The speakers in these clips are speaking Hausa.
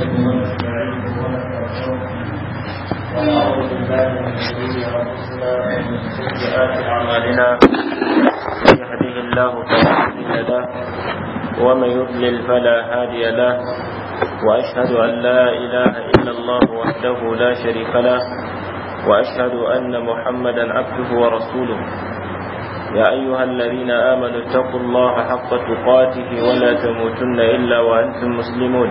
نحمده ونعوذ بالله من شرور انفسنا ومن سيئات اعمالنا من يهده الله فلا مضل له ومن يضلل فلا هادي له واشهد ان لا اله الا الله وحده لا شريك له واشهد ان محمدا عبده ورسوله يا أيها الذين آمنوا اتقوا الله حق تقاته ولا تموتن إلا وأنتم مسلمون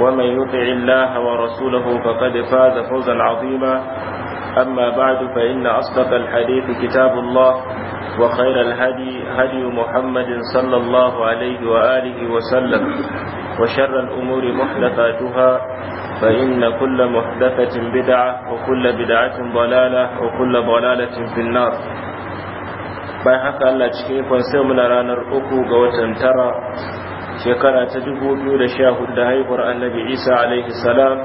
ومن يطع الله ورسوله فقد فاز فوزا عظيما أما بعد فإن أصدق الحديث كتاب الله وخير الهدي هدي محمد صلى الله عليه وآله وسلم وشر الأمور محدثاتها فإن كل محدثة بدعة وكل بدعة ضلالة وكل ضلالة في النار باي haka Allah cikin kwanse mu na ranar uku ga watan tara shekara ta 2014 da haihuwar annabi isa alaihi salam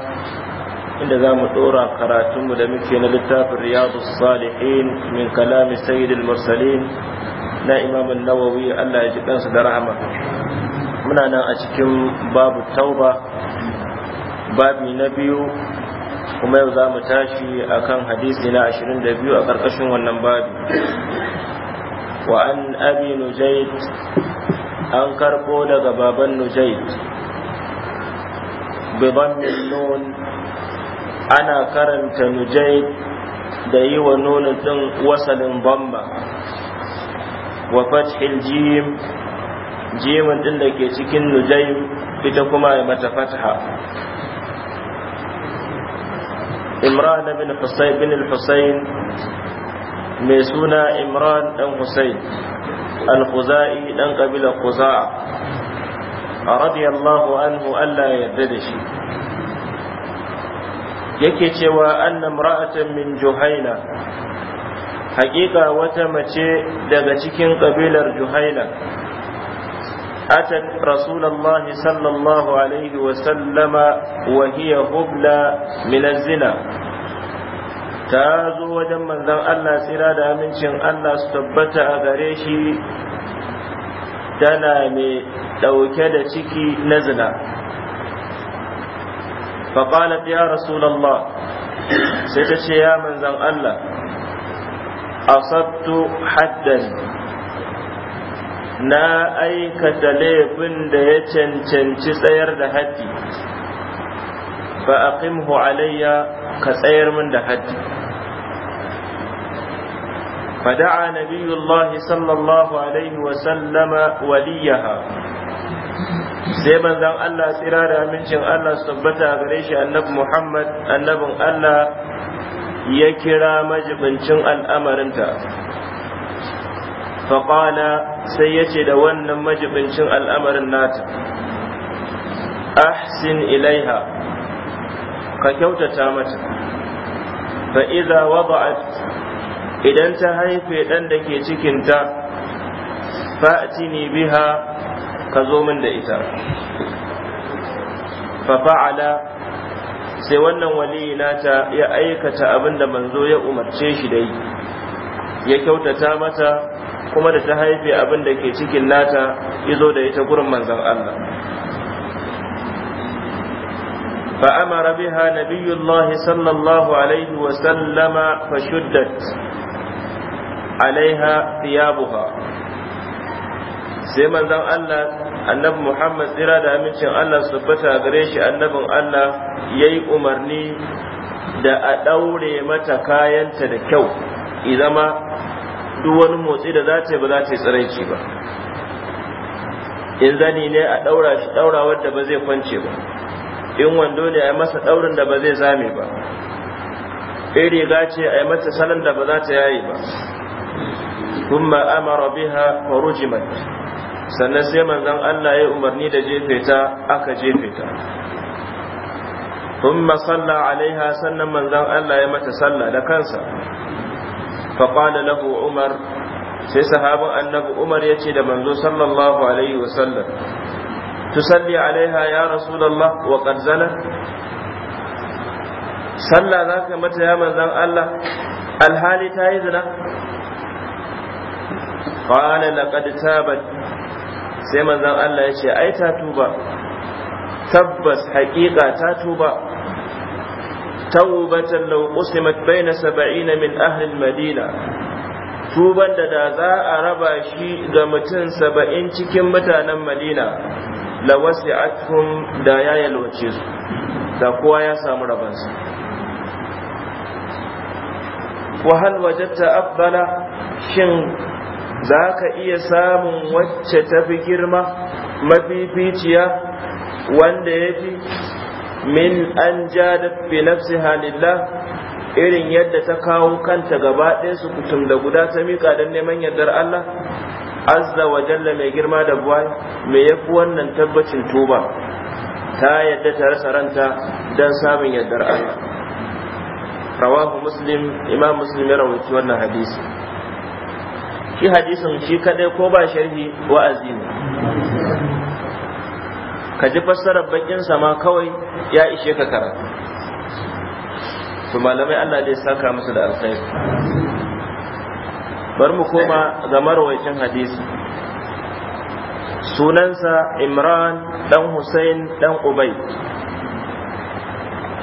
inda za mu ɗora karatunmu da muke na littafin riyadu salihin min kalami sayyidul mursalin na imamun nawawi allah ya ji kansu da rahama muna nan a cikin babu tauba babi na biyu kuma yau za mu tashi akan hadisi na 22 a ƙarƙashin wannan babi an أبي نجيد an karbo daga baban nujayd bidammin nun ana karanta nujait da yi wa nunin ɗin wasalin bamba wa fathil jim jimin ɗin da ke cikin nujayd ita kuma ya mata fataha imran bin husayn bin husayn mai suna imran dan husayn al-khuzai dan kabilar khuza'a radiyallahu anhu Allah ya yarda da shi yake cewa anna imra'atan min juhaina hakika wata mace daga cikin kabilar juhaina أتت رسول الله صلى الله عليه وسلم وهي هبلى من الزنا ta zo wajen manzon Allah tsira da amincin Allah su tabbata a gare shi tana mai ɗauke da ciki na zina faƙalat ya rasulallah sai ta ce ya manzan Allah asabtu haddan na aikata laifin da ya cancanci tsayar da haddi fa aqimhu alayya ka tsayar min da haddi فدعا نبي الله صلى الله عليه وسلم وليها sai manzon Allah tsira da amincin Allah su tabbata gare shi annabi Muhammad annabin Allah ya kira majibincin al'amarinta faƙala sai ya ce da wannan majibincin al'amarin nata ahsin ilaiha ka kyautata mata fa'iza wada'at idan ta haife ɗan da ke cikinta ni biha ka zo min da ita fa fa'ala sai wannan waliyi nata ya aikata abin da manzo ya umarce shi da yi ya kyautata mata kuma da ta haife abin da ke cikin nata ya zo da ita gurin manzon Allah فأمر بها نبي الله صلى الله عليه وسلم فشدت alaiha siyabuha sai manzon Allah annabi Muhammad tsira da amincin Allah su tabbata gare shi annabin Allah yayi umarni da a daure mata kayanta da kyau idama duk wani motsi da za ta yi ba za ta yi tsiraici ba in zani ne a daura shi daura wadda ba zai kwance ba in wando ne a yi masa daurin da ba zai zame ba in riga ce a yi mata salon da ba za ta yayi ba thumma amara biha farujimat sannan sai manzan Allah ya umarni da jefe ta aka jefe ta thumma salla alaiha sannan manzan Allah ya mata salla da kansa fa qala lahu umar sai sahabin annabi umar ya ce da manzo sallallahu alaihi wasallam Salli alaiha ya rasulallah wa qad sallah za ka mata ya manzan Allah alhali ta yi zina qala laqad tabat sai manzon Allah ya ce ai ta tuba tabbas haƙiƙa ta tuba tawbatan law qusimat bayna 70 min ahli al-madina tuban da da za a raba shi ga mutum 70 cikin mutanen Madina la da ya yalwace su da kowa ya samu wa hal wajadta afdala shin za ka iya samun wacce ta fi girma mafificiya wanda ya fi min an ja da nafsi halillah irin yadda ta kawo kanta gaba ɗaya su kutum da guda ta miƙa don neman yardar Allah azza wa jalla mai girma da buwai me ya fi wannan tabbacin tuba ta yadda ta rasa ranta don samun yardar Allah rawahu muslim imam muslim ya rawaci wannan hadisi shi hadisin shi kadai ko ba sharhi wa'azi ne ka ji fassarar bakin sama kawai ya ishe ka karatu to malamai Allah zai saka musu da alkhairi bar mu koma ga marwaicin hadisi sunansa Imran dan Husain dan Ubay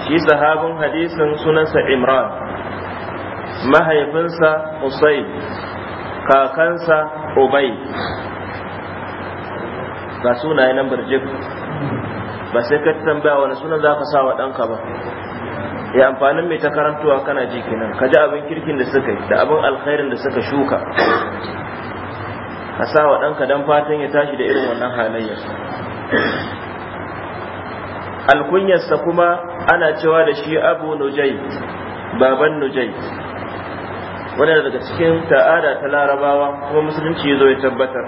shi sahabin hadisin sunansa Imran mahaifinsa Husain. kakansa obai ga sunaye nan birjik ba sai ka tambaya wani sunan za ka sa wa ɗanka ba ya amfanin mai ta karantuwa kana ji kenan ka ji abin kirkin da suka yi da abin alkhairin da suka shuka ka sa wa ɗanka don fatan ya tashi da irin wannan halayyar alkunyarsa kuma ana cewa da shi abu nujai baban nujai wani daga cikin ta'ada ta larabawa kuma musulunci ya zo ya tabbatar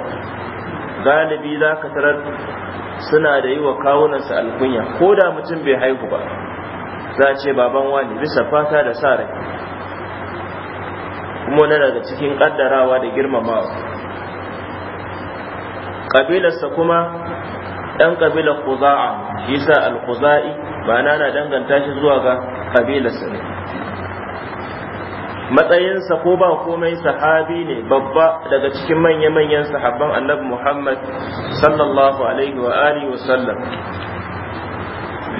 galibi za ka tarar suna da yi wa kawunansa alkunya ko da mutum bai haihu ba za a ce baban wani bisa fata da sa rai kuma wani daga cikin kaddarawa da girmamawa kabilarsa kuma ɗan kabilar kuza'a shi sa al-kuza'i ba na danganta shi zuwa ga kabilarsa ne matsayinsa ko ba komai sahabi ne babba daga cikin manya-manyan sahabban annabi Muhammad sallallahu alaihi wa alihi wa sallam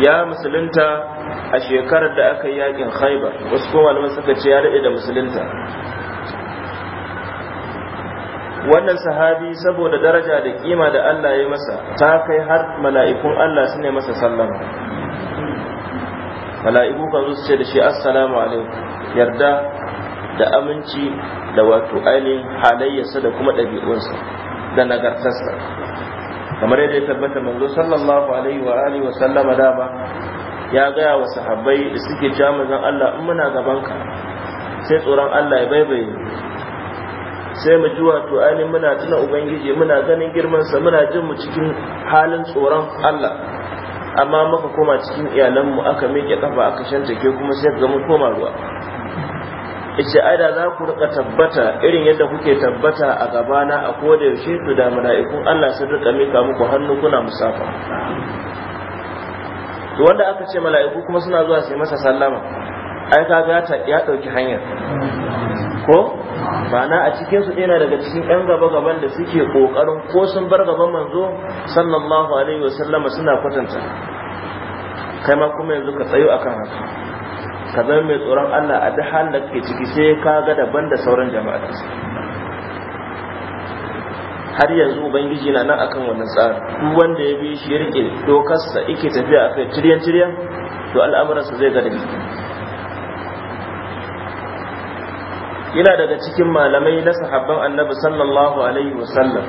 ya musulunta a shekarar da aka yi yakin Khaibar wasu kuma malaman suka ce ya daɗe da musulunta wannan sahabi saboda daraja da kima da Allah ya masa ta kai har mala'ikun Allah su ne masa sallama mala'iku kan su ce da shi assalamu alaikum yarda da aminci da wato ainihin halayyarsa da kuma ɗabi'unsa da nagartarsa kamar yadda ya tabbata manzo sallallahu alaihi wa alihi wa sallama dama ya gaya wa sahabbai da suke jami'an manzon Allah in muna gaban ka sai tsoron Allah ya baibaye sai mu ji wato ainihin muna tuna ubangiji muna ganin girmansa muna jin mu cikin halin tsoron Allah amma muka koma cikin iyalanmu aka miƙe kafa aka shanta ke kuma sai ga mu koma ruwa ce ai da za ku rika tabbata irin yadda kuke tabbata a gabana a koda yaushe to da mala'ikun Allah sun rika mika muku hannu kuna musafa to wanda aka ce mala'iku kuma suna zuwa su masa sallama ai gata ta ya dauki hanyar ko na a cikin su yana daga cikin yan gaba gaban da suke kokarin ko sun bar gaban manzo sallallahu alaihi wasallama suna kwatanta kai ma kuma yanzu ka tsayo akan haka ka zai mai tsoron Allah a duk halin da ciki sai ka ga daban da sauran jama'a har yanzu ubangiji na nan akan wannan tsari duk wanda ya bi shi ya rike dokarsa yake tafiya kai tiryan tiryan to al'amuransa zai ga da yana daga cikin malamai na sahabban annabi sallallahu alaihi wasallam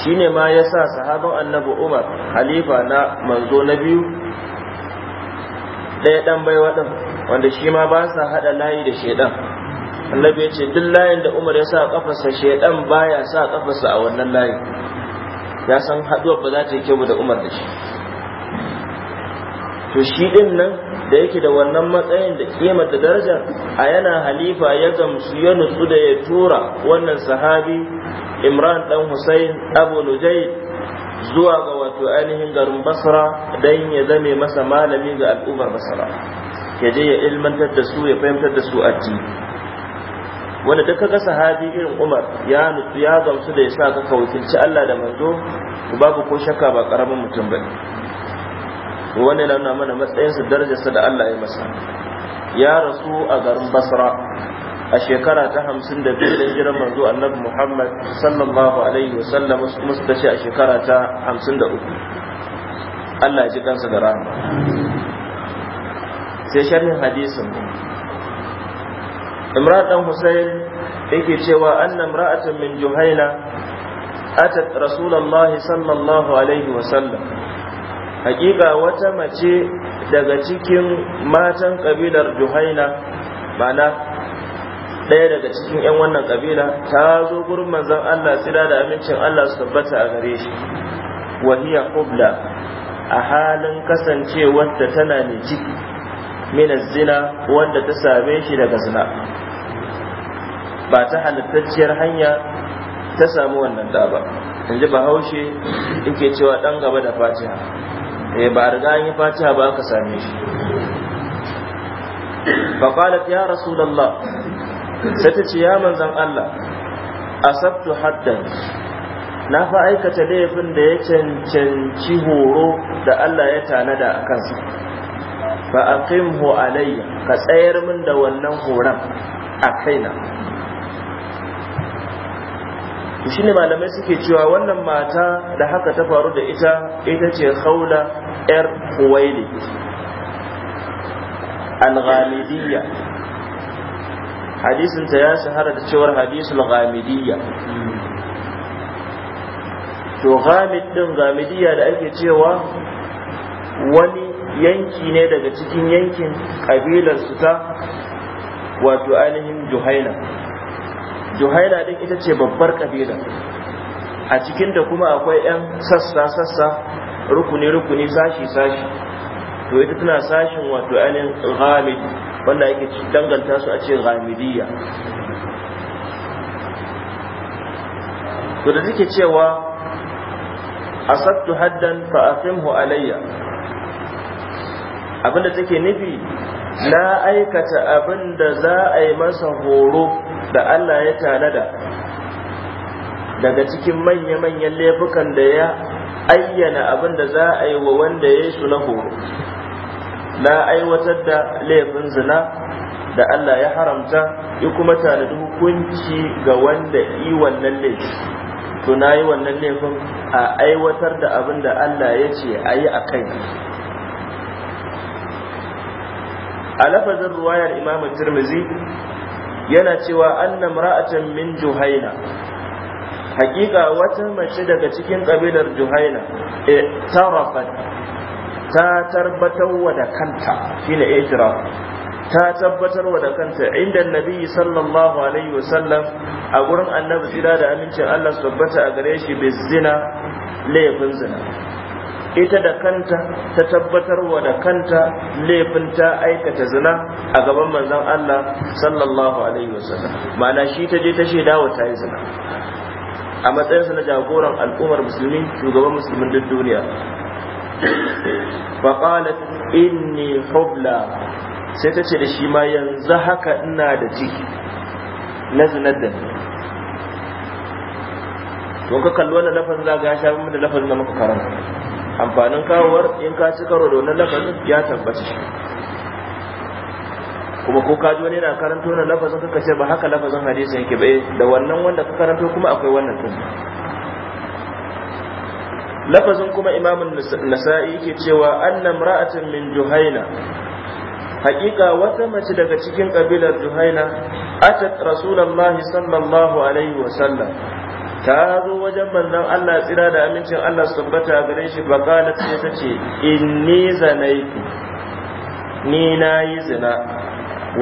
shine ma yasa sahabban annabi Umar halifa na manzo na biyu ɗaya ɗan baiwa ɗin wanda shi ma ba sa hada layi da shedan annabi ya ce duk layin da umar ya sa kafarsa shedan baya sa kafarsa a wannan layi ya san haduwar ba za ta yi kyau da umar da shi to shi din nan da yake da wannan matsayin da kimar da darajar a yana halifa ya gamsu ya nutsu da ya tura wannan sahabi imran dan husain abu nujayd zuwa ga wato ainihin garin basra dan ya zame masa malami ga al'ummar basra ya je ya ilmantar da su ya fahimtar da su addini wanda da ga sahabi irin Umar ya nutsu ya gamsu da ya sa ka wakilci Allah da manzo babu ko shakka ba karamin mutum bane wannan na nuna mana matsayinsa darajarsa da Allah ya masa ya rasu a garin Basra a shekara ta hamsin da biyu da jiran manzo annabi Muhammad sallallahu alaihi wa sallam kuma su tashi a shekara ta hamsin da uku Allah ya ji kansa da rahama sai sharhin hadisin imran dan husayn yake cewa anna imra'atan min juhaina atat rasulullahi sallallahu alaihi wa sallam hakika wata mace daga cikin matan kabilar juhaina mana daya daga cikin 'yan wannan kabila ta zo gurin manzon Allah tsira da amincin Allah su tabbata a gare shi wahiya qubla a halin kasancewar da tana ne ciki min zina wanda ta same shi daga zina ba ta halittacciyar hanya ta samu wannan da ba ji bahaushe yake cewa dan gaba da fatiha eh ba riga an yi fatiha ba aka same shi faqalat ya rasulullah sai ta ce ya manzan Allah asabtu haddan na fa aikata laifin da ya cancanci horo da Allah ya tanada a kansa fa aqimhu alayya ka tsayar min da wannan horon a kaina shi ne malamai suke cewa wannan mata da haka ta faru da ita ita ce khawla yar kuwaili al-ghamidiyya hadisin ya shahara da cewar hadisul ghamidiyya to ghamid din ghamidiyya da ake cewa wani yanki ne daga cikin yankin kabilar su ta wato ainihin juhaina juhaina din ita ce babbar kabila a cikin da kuma akwai 'yan sassa-sassa rukuni-rukuni sashi-sashi to ita tana sashin wato ainihin ghamid wanda ake danganta su a ce ghamidiyya to da take cewa asattu haddan fa aqimhu alayya abinda take nufi na aikata abinda za a yi masa horo da Allah ya tanada daga cikin manya-manyan laifukan da ya ayyana abinda da za a yi wa wanda ya su na horo na aiwatar da laifin zina da Allah ya haramta ya kuma tanadi hukunci ga wanda yi wannan laifin to na yi wannan laifin a aiwatar da abin da Allah ya ce a yi a kai a lafazin ruwayar imamu tirmizi yana cewa anna mara'atan min juhaina hakika wata mace daga cikin kabilar juhaina e tarafat ta tarbatarwa da kanta shine na ta tabbatarwa da kanta inda nabi sallallahu alaihi wasallam a gurin annabi tsira da amincin Allah su tabbata a gare shi bizina laifin zina ita da kanta ta tabbatar wa da kanta laifin ta aikata zina a gaban manzon Allah sallallahu alaihi wasallam ma'ana shi ta je ta shaida wa ta yi zina a matsayinsa na jagoran al'ummar musulmi shugaban musulmin duk duniya faƙalat inni hubla sai ta ce da shi ma yanzu haka ina da ciki na zinar da ni to ka kalli wannan lafazin za ga ya sha da lafazin da muka karanta amfanin kawowar in ka ci karo da lafazin ya tabbata kuma ko ka ji wani yana karanto na lafazin kaka ce ba haka lafazin hadisin yake ba eh, da wannan wanda ka karanto kuma akwai wannan tun lafazin kuma imamun nasa'i yake cewa annam ra'atin min juhaina haƙiƙa wata mace daga cikin ƙabilar juhaina atat rasulallahi sallallahu alaihi wa sallam ta zo wajen manzon Allah tsira da amincin Allah su tabbata gare shi bakalat sai ta ce inni zanaitu ni na yi zina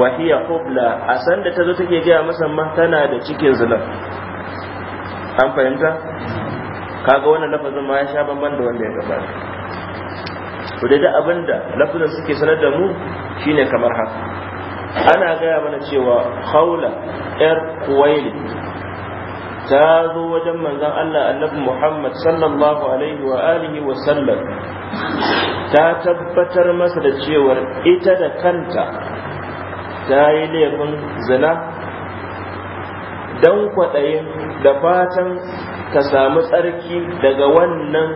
wa hiya qubla a sanda ta zo take gaya masa ma tana da cikin zina an fahimta kaga wannan lafazin ma ya sha bamban da wanda ya gabata to dai da abinda lafazin suke sanar da mu shine kamar haka ana gaya mana cewa haula yar kuwaili ta zo wajen manzon Allah annabi Muhammad sallallahu alaihi wa alihi wa sallam ta tabbatar masa da cewar ita da kanta ta yi laifin zina Dan kwaɗayin da fatan ta samu tsarki daga wannan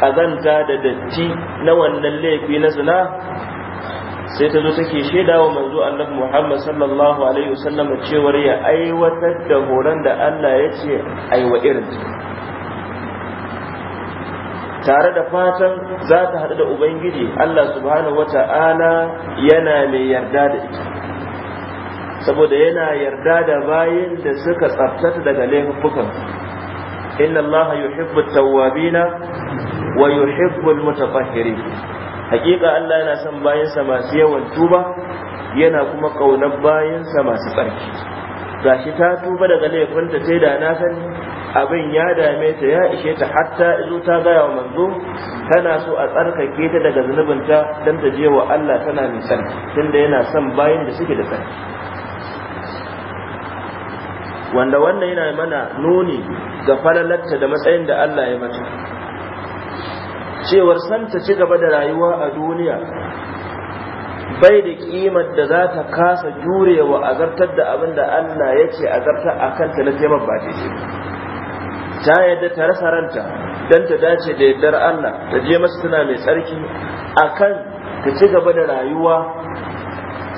ƙazanta da datti na wannan laifi na zina sai ta zo take shaida wa manzo annabi Muhammad sallallahu alaihi wasallam cewar ya aiwatar da horon da Allah ya ce aiwa irin tare da fatan za ta haɗu da Ubangiji Allah subhanahu wata'ala yana mai yarda da ita saboda yana yarda da bayin da suka tsaftata daga laifukan inna Allah yuhibbu tawwabina wa yuhibbu al-mutatahhirin hakika Allah yana son bayansa masu yawan tuba yana kuma kaunar bayansa masu tsarki gashi ta tuba daga laifinta sai da na san abin ya dame ta ya ishe ta hatta izo ta gaya wa manzo tana so a tsarkake ta daga zunubinta don ta je wa Allah tana mai tsarki tunda yana son bayan da suke da tsarki wanda wannan yana mana nuni ga falalarta da matsayin da Allah ya mata cewar san ta ci gaba da rayuwa a duniya bai da kimar da za ta kasa jurewa a zartar da abin da Allah ya ce a zartar a kanta na taimar ba ta ce ta yadda ta rasa ranta don ta dace da yardar Allah ta je masa tana mai tsarki a kan ta ci gaba da rayuwa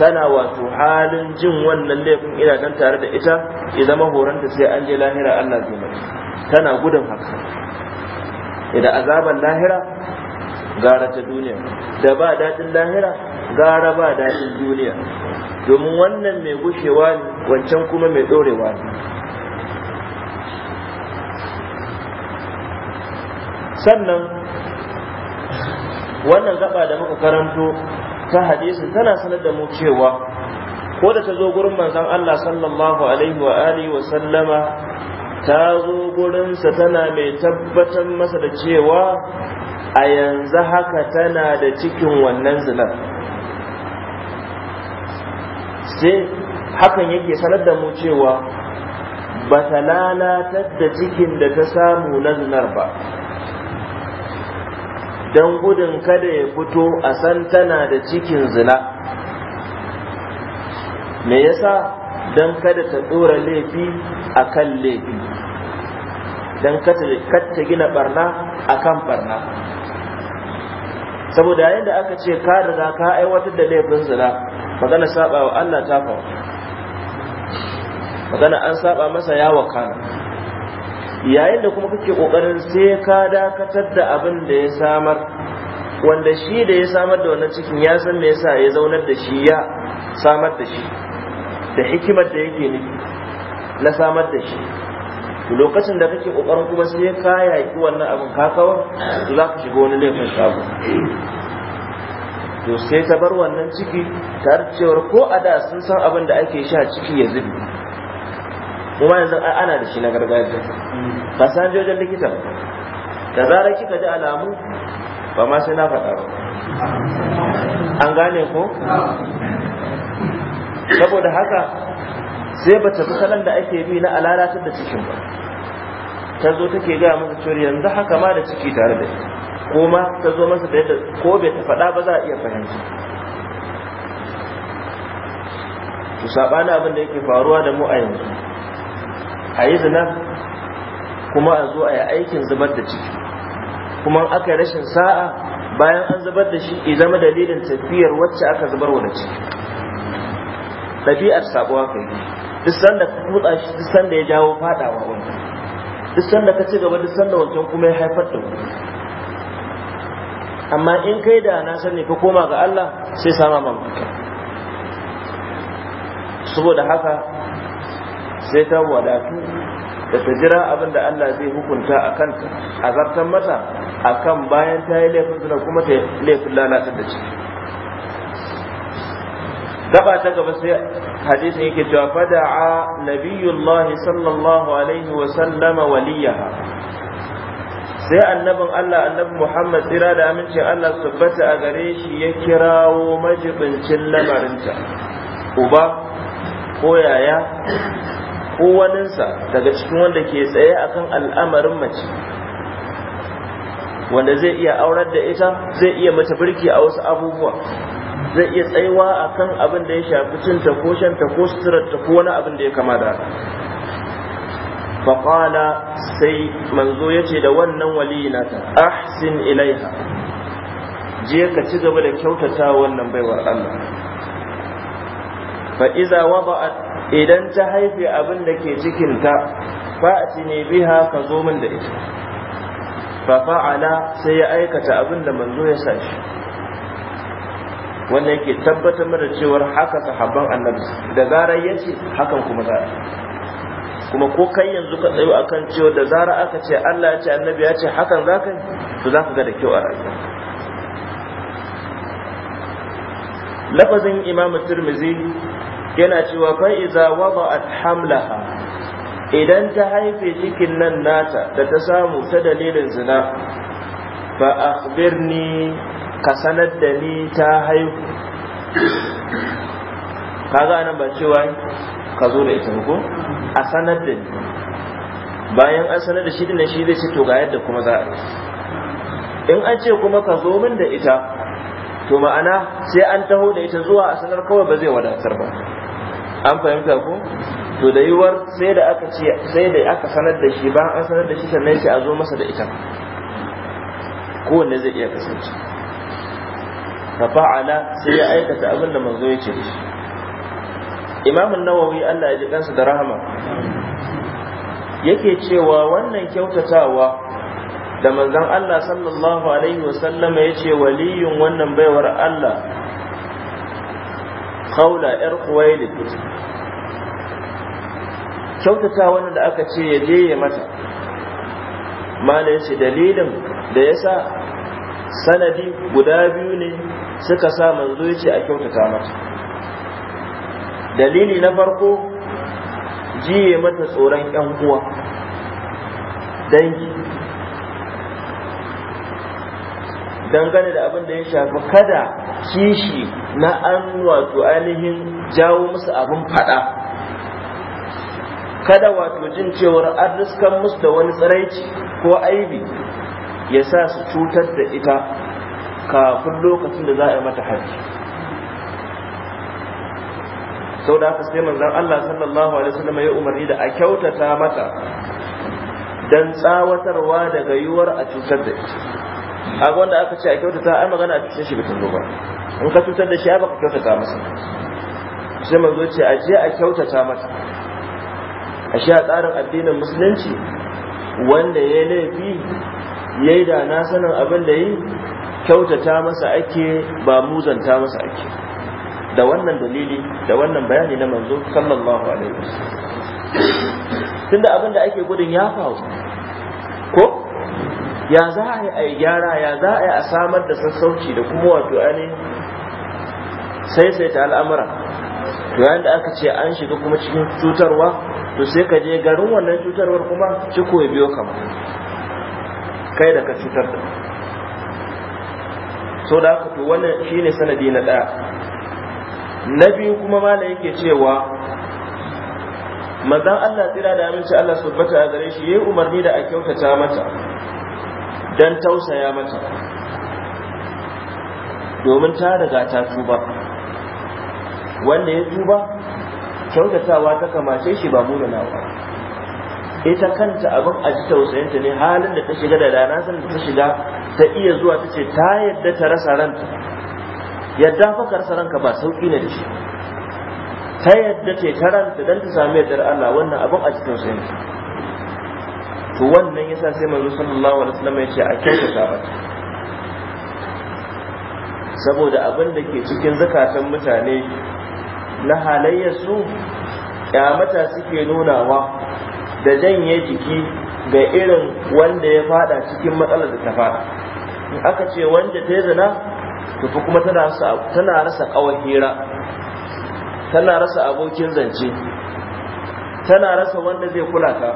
tana wato halin jin wannan laifin ina nan tare da ita ya zama horonta sai an je lahira Allah zai tana gudun haka idan azaban lahira gara ta duniya da ba daɗin lahira gara ba daɗin duniya domin wannan mai gushewa ne wancan kuma mai ɗorewa ne sannan wannan gaba da muka karanto ta hadisi tana sanar da mu cewa ko da ta zo gurin manzon Allah sallallahu alaihi wa alihi wa sallama ta zo gurinsa tana mai tabbatar masa da cewa a yanzu haka tana da cikin wannan zinar sai hakan yake sanar da mu cewa ba ta lalatar da cikin da ta samu na zinar ba don gudun kada ya fito a san tana da cikin zina me yasa don kada ta dora laifi a kan laifi don ta gina barna a kan barna saboda yayin aka ce ka riga ka aiwatar da laifin zina magana saba wa Allah ta faru magana an saba masa yawa kana yayin da kuma kake kokarin sai ka dakatar da abin da ya samar wanda shi da ya samar da wannan cikin ya san me yasa ya zaunar da shi ya samar da shi da hikimar da yake nufi na samar da shi lokacin da kake kokarin kuma sai ka yaki wannan abin ka to za ka shiga wani laifin shago. to sai ta bar wannan ciki tare cewar ko a da sun san abin da ake sha ciki ya zubi kuma yanzu ana da shi na gargajiya ba san jojen likita da zarar kika ji alamu ba ma sai na faɗa ba an gane ko saboda haka sai ba ta salon da ake bi na alalatar da cikin ba ta zo take gaya masa cewa yanzu haka ma da ciki tare da shi ko ta zo masa da yadda ko bai ta faɗa ba za a iya fahimci su saɓani abin da yake faruwa da mu a yanzu a yi zina kuma a zo a yi aikin zubar da ciki kuma aka rashin sa'a bayan an zubar da shi ya zama dalilin tafiyar wacce aka zubar wa da ciki ɗabi'ar sabuwa kai ne. duk sanda ka tutsa shi duk sanda ya jawo fadawa wannan duk sanda ka ci gaba duk sanda wancan kuma ya haifar da ku amma in kai da na sani ka koma ga Allah sai sama mamaka saboda haka sai ta wadatu da ta jira abin da Allah zai hukunta a kanta a zartan mata a kan bayan ta yi laifin zina kuma ta laifin lalatar da ciki gaba ta gaba sai hadisin yake cewa fada'a nabiyullah sallallahu alaihi wa sallama waliyaha sai annabin Allah annabi Muhammad tsira da amincin Allah tabbata a gare shi ya kirawo majibincin lamarinta uba ko yaya ko waninsa daga cikin wanda ke tsaye akan al'amarin mace wanda zai iya aurar da ita zai iya mata birki a wasu abubuwa zai iya tsayuwa kan abin da ya shafi cin ko shanta ko wani abin da ya kama da faƙala sai manzo ya ce da wannan na ta, ahsin ilaiha je ka ci gaba da kyautata wannan baiwar Allah fa iza wada'at idan ta haife abin da ke cikinta fa'ati ne biha ka zo min da ita fa fa'ala sai ya aikata abin da manzo ya sa shi wanda yake tabbatar mana cewar haka sahabban annabi da zarar yace hakan kuma za kuma ko kai yanzu ka tsayo akan cewa da zarar aka ce Allah ya ce annabi ya ce hakan za ka to za ka ga da kyau a rayuwa lafazin imamu turmizi yana cewa fa iza wada'at hamlaha idan ta haife cikin nan nata da ta samu ta dalilin zina fa akhbirni ka sanar da ni ta haihu ga nan ba cewa ka zo da ita ko a sanar da ni bayan an sanar da shi dinnan shi zai ce to ga yadda kuma za a in an ce kuma ka zo min da ita to ma'ana sai an taho da ita zuwa a sanar kawai ba zai wadatar ba an fahimta ko to da yiwuwar sai da aka ce sai da aka sanar da shi ba an sanar da shi sannan sai a zo masa da ita Ko kowanne zai iya kasance fa fa'ala sai ya aikata abin da manzo ya ce shi Imam Nawawi Allah ya ji kansa da rahama yake cewa wannan kyautatawa da manzon Allah sallallahu alaihi wasallam ya ce waliyun wannan baiwar Allah qaula yar Khuwailid kyautata wannan da aka ce ya je ya mata mala yace dalilin da yasa sanadi guda biyu ne suka sa manzo ya a kyautata mata dalili na farko jiye mata tsoron yan uwa dangi dangane da abin da ya shafi kada kishi na an wato ainihin jawo musu abin fada kada wato jin cewar an musu da wani tsiraici ko aibi ya sa su cutar da ita kafin lokacin da za a yi mata hajji sau da haka sai manzan Allah sallallahu alaihi wasallam ya umarni da a kyautata mata dan tsawatarwa daga yiwuwar a cutar da ita a wanda aka ce a kyautata ai magana a cikin shi bitin ba in ka cutar da shi ai baka kyautata masa sai manzo ce a je a kyautata mata a shi a tsarin addinin musulunci wanda ya laifi ya yi da na sanin abin da yi kyautata masa ake ba muzanta masa ake da wannan dalili da wannan bayani na manzo sallallahu alaihi wasallam tunda abin da ake gudun ya faru ko ya za a yi a yi gyara ya za a yi a samar da sassauci da kuma wato ainihin saisaita al'amura to yayin da aka ce an shiga kuma cikin cutarwa to sai ka je garin wannan cutarwar kuma ciko ya biyo kama kai da ka cutar da so da haka to wannan shine sanadi na ɗaya na biyu kuma mala yake cewa manzon Allah tsira da aminci Allah subhanahu a gare shi yayi umarni da a kyautata mata dan tausaya mata domin ta riga ta tuba wanda ya tuba kyautatawa ta kamace shi ba munanawa ita kanta abin a ji tausayinta ne halin da ta shiga da rana san da ta shiga ta iya zuwa ta ce ta yadda ta rasa ranta yadda fa ka ranka ba sauki ne da shi ta yadda ce ta ranta dan ta sami yadda Allah wannan abin a ji tausayinta to wannan yasa sai manzo sallallahu alaihi wasallam ya ce a kyautata ba. saboda abin da ke cikin zakatan mutane na halayyar halayyarsu kyamata suke nunawa da janye jiki ga irin wanda ya fada cikin matsalar da ta fada in aka ce wanda ta zina tufi kuma tana rasa kawar hira tana rasa abokin zance tana rasa wanda zai kula ta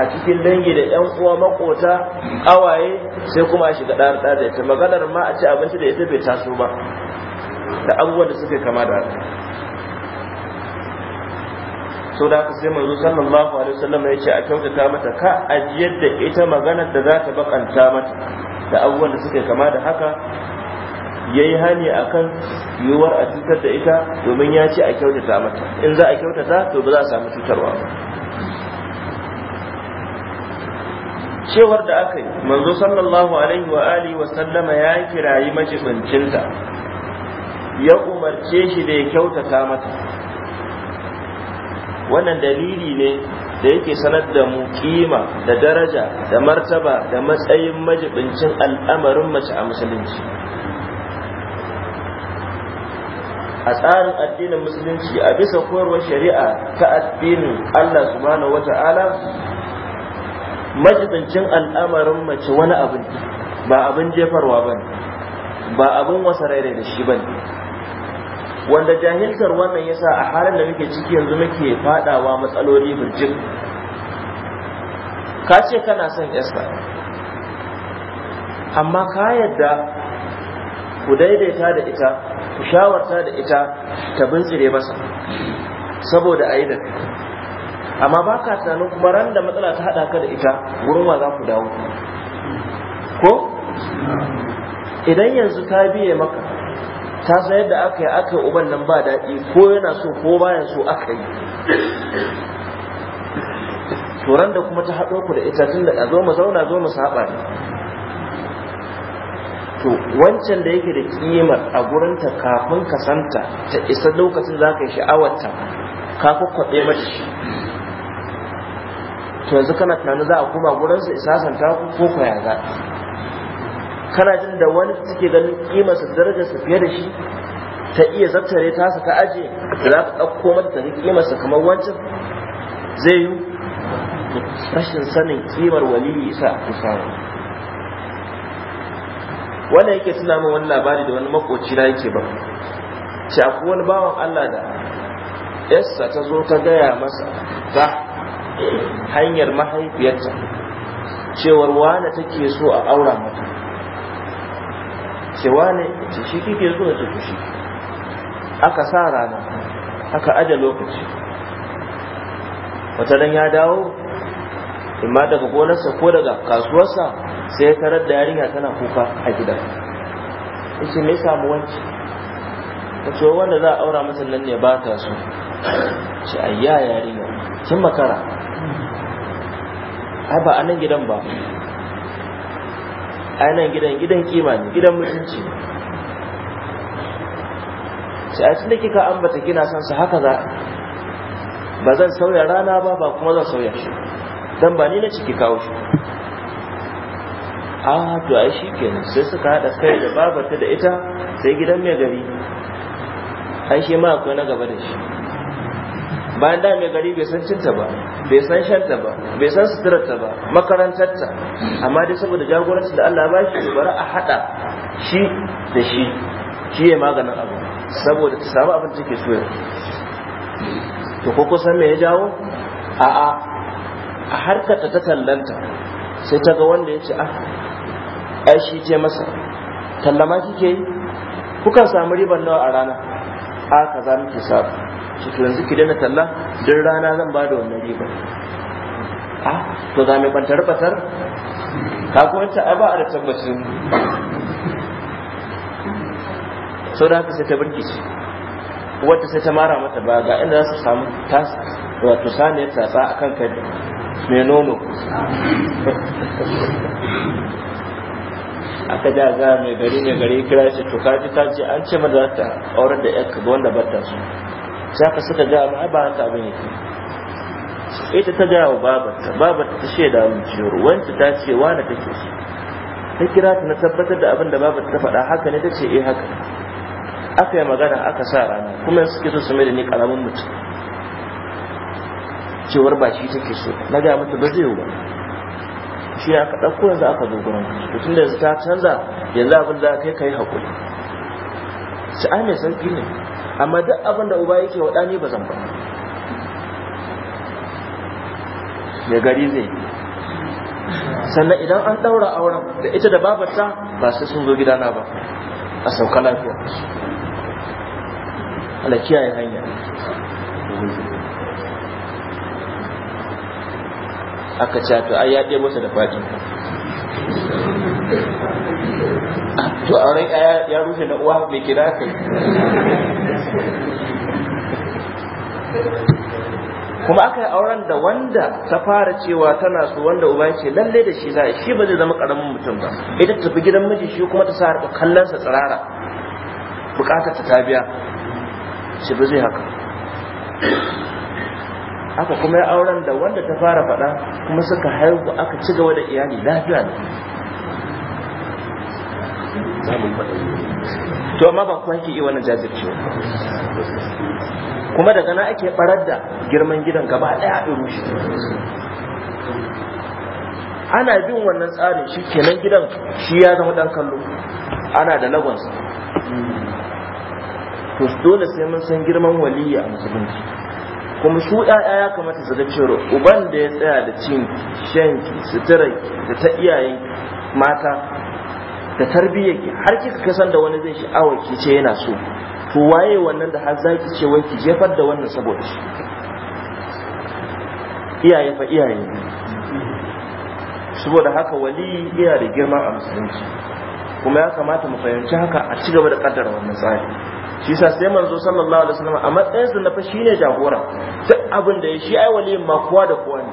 a cikin dangi da yan uwa makota awaye sai kuma a shiga ɗan da ita maganar ma a ci abinci da ita bai taso ba da abubuwan da suka kama da haka so da haka sai manzo sallallahu alaihi wasallam ya ce a kyautata mata ka ajiyar da ita maganar da za ta bakanta mata da abubuwan da suke kama da haka ya yi hani a kan yiwuwar a cutar da ita domin ya ce a kyautata mata in za a kyautata to ba za a samu cutarwa ba cewar da aka yi manzo sallallahu alaihi wa alihi wa sallama ya kirayi majibincinta ya umarce shi da ya kyautata mata wannan dalili ne da yake sanar da mu kima da daraja da martaba da matsayin majibincin al'amarin mace a musulunci a tsarin addinin musulunci a bisa koyarwar shari'a ta addinin Allah subhanahu wata'ala majibincin al'amarin mace wani abin ba abin jefarwa ba ba abin wasa da shi ba ne wanda jahiltar wannan yasa a halin da muke ciki yanzu muke fadawa matsaloli birjin ka ce kana son yasa amma ka yadda ku daidaita da ita ku shawarta da ita ta bincire masa saboda a yi da amma ba ka tunanin kuma ran da matsala ta haɗa ka da ita wurin wa za ku dawo ko idan yanzu ta biye maka Ta san yadda aka yi aka yi uban nan ba daɗi ko yana so ko baya so aka yi turan da kuma ta haɗo ku da ita tun da zo mu zauna zo mu saba ne to wancan da yake da kimar a gurinta kafin ka santa ta isa lokacin za ka yi sha'awarta ka kwakwabe mata shi to yanzu kana tunanin za a koma gurinsa isa santa ko kwaya za kana jin da wani suke ganin kimarsa darajarsa fiye da shi ta iya zaftare tasa ta aje da za ka ɗauko mata ta kimarsa kamar wancan zai yi rashin sanin kimar waliyi isa a kusa wannan yake tuna min wani labari da wani makoci na yake ba ce akwai wani bawan Allah da yassa ta zo ta gaya masa ta hanyar mahaifiyarta cewar wane take so a aura mata ce wane ce shi kike zuwa da cikin shi aka sa rana aka aje lokaci wata ya dawo imma daga gonarsa ko daga kasuwarsa sai ya tarar da yarinya tana kuka a gidan me mai samu wanci ta ce wanda za a aura masa nan ne ba ta so ce ayya yarinya kin makara ai ba a nan gidan ba a nan gidan gidan kima ne gidan mutunci ne sai a da kika ambata kina san su haka za ba zan sauya rana ba ba kuma zan sauya shi dan ba ni na ciki kawo shi a to ai shi kenan sai suka haɗa kai da babata da ita sai gidan mai gari an shi ma akwai na gaba da shi bayan da mai gari bai san cinta ba bai san shanta ba bai san suturarta ba makarantarta amma dai saboda jagoranci da Allah ba shi bari a hada shi da shi shi ya maganin abu saboda ta samu abin take so to ko kusan me ya jawo a a a harkata ta tallanta sai ta ga wanda ya ce a ah, ai shi ce masa tallama kike yi kukan samu riban nawa a rana a ah, kaza muke samu ce yanzu ki dana talla duk rana zan ba da wannan riba a ah, to za mu bantar batar ka kuma ta ai ba a da tabbacin so da haka sai ta birki shi wata sai ta mara mata ba ga inda za su samu tas wato saniyar tsatsa a kan kai mai nono aka ja za mai gari mai gari kira shi to ji ta ce an ce mata za ta aurar da yanka ga wanda ba ta so Za ka suka ga ba ba haka abin yake ita ta gaya wa babarta babarta ta shaida min cewar wanda ta ce wani take so ta kira ta na tabbatar da abin da babarta ta faɗa haka ne ta ce eh haka aka yi magana aka sa rana kuma suke so su mai da ni karamin mutum cewar ba shi take so na gaya mata ba zai ba shi ya ka ɗauko yanzu aka zo gurin ka tun da yanzu ta canza yanzu abin da kai ka yi haƙuri sai ai mai sauƙi ne amma duk abin da uba yake waɗa ne ba zan ba mai gari zai yi? sannan idan an ɗaura auren da ita da babarta ba su sun zo gidana ba a sauka lafiya ala kiyaye hanya aka to ai ya da faɗi to auren ya rushe na uwa mai kira ka kuma aka yi auren da wanda ta fara cewa tana so wanda uba ce lalle da shi za shi ba zai zama karamin mutum ba ita tafi gidan miji shi kuma ta sa harka kallon tsirara bukatar ta tabiya shi ba zai haka aka kuma ya auren da wanda ta fara faɗa kuma suka haihu aka ci gaba da iyali lafiya ne za mu faɗa to amma ba kuma yake iya wannan jajircewa kuma daga nan ake barar da girman gidan gaba ɗaya a rushe ana bin wannan tsarin shi kenan gidan shi ya zama ɗan kallo ana da lagonsa to dole sai mun san girman Waliyya a musulunci kuma su ƴaƴa ya kamata su ga cewa uban da ya tsaya da cin shanki suturai da ta iyayen mata da tarbiyyar ki har kika kasan da wani zai sha'awar ki ce yana so to waye wannan da har zaki ce wai ki jefar da wannan saboda shi iyaye fa iyaye ne saboda haka wali iya da girma a musulunci kuma ya kamata mu fahimci haka a ci gaba da kaddara wannan tsari shi sa sai manzo sallallahu alaihi wasallam a matsayin sa na fa shine jagora duk abin da ya shi ai wali ma kowa da kowa ne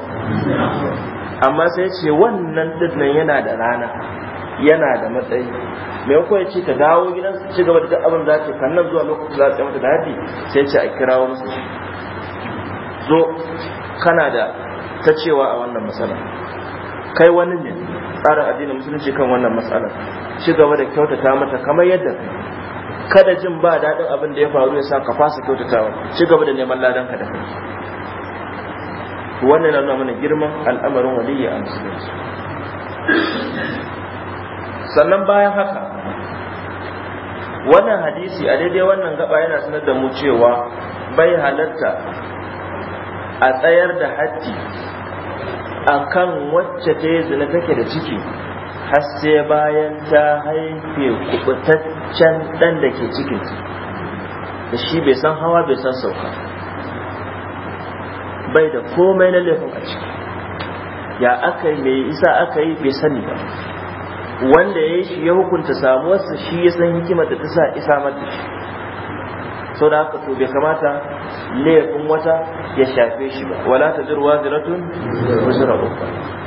amma sai ce wannan dinnan yana da rana yana da matsayi mai ko ya ce ka dawo gidan su ci gaba da duk abin da ta kannan zuwa lokacin za ta mata dadi sai ce a kirawo musu zo kana da ta cewa a wannan matsala kai wani ne tsarin addinin musulunci kan wannan matsala ci gaba da kyautata mata kamar yadda kada jin ba daɗin abin da ya faru ya sa ka fasa kyautatawa ci gaba da neman ladan ka da kai wannan yana nuna mana girman al'amarin waliyyi a musulunci sannan bayan haka wannan hadisi a daidai wannan gaba yana sanar da mu cewa bai halatta a tsayar da a kan wacce ta yi zina take da ciki har sai bayan ta haife kubutaccen ɗan da ke cikin da shi bai san hawa bai san sauka bai da komai na laifin a ciki ya aka yi mai isa aka yi bai sani ba wanda ya yi shi ya hukunta samuwarsa shi ya san hikimar da ta sa isa mata shi sau da haka to bai kamata laifin wata ya shafe shi ba wala ta wa ziratun wajira uku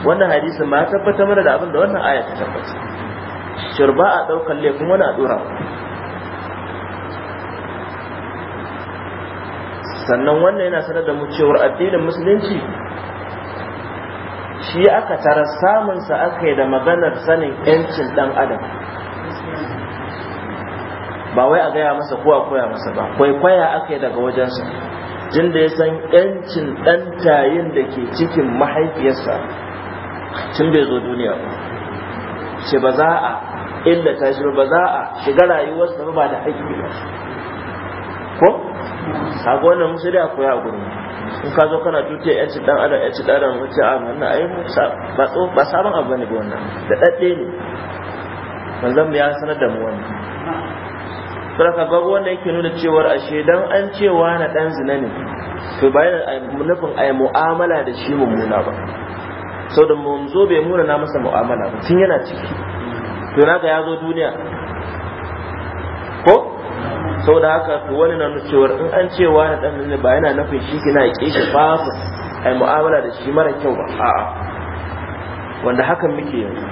wannan hadisin ma tabbata mana da abin da wannan aya ta tabbata shirba a ɗaukar laifin wani a ɗora sannan wannan yana sanar da mu cewar addinin musulunci shi aka tara samunsa aka yi da maganar sanin yancin ɗan adam ba wai a gaya masa ko a koya masa ba kwaikwaya aka yi daga wajensa jin da ya san yancin ɗan tayin da ke cikin mahaifiyarsa tun bai zo duniya ba ce ba za a illa ta shi ba za a shiga rayuwarsa ba da haƙƙi ba ko sabonin wannan musu da koya a gurin in ka zo kana tuce yanci dan adam yanci dan adam wace a ah, wannan ai ba ba sabon abu ne ba wannan da dadde ne manzon ya sanar da mu wannan ka ga wanda yake nuna cewar ashe dan an cewa na dan zina ne to bayan nufin ai mu'amala da shi mummuna ba sau da zo bai muna na masa mu'amala ba tun yana ciki to naka ya zo duniya ko saboda haka to wani na cewar in an ce wani dan ne ba yana nufin shi na yake shi fa su ai mu'amala da shi mara kyau ba a'a wanda hakan muke yanzu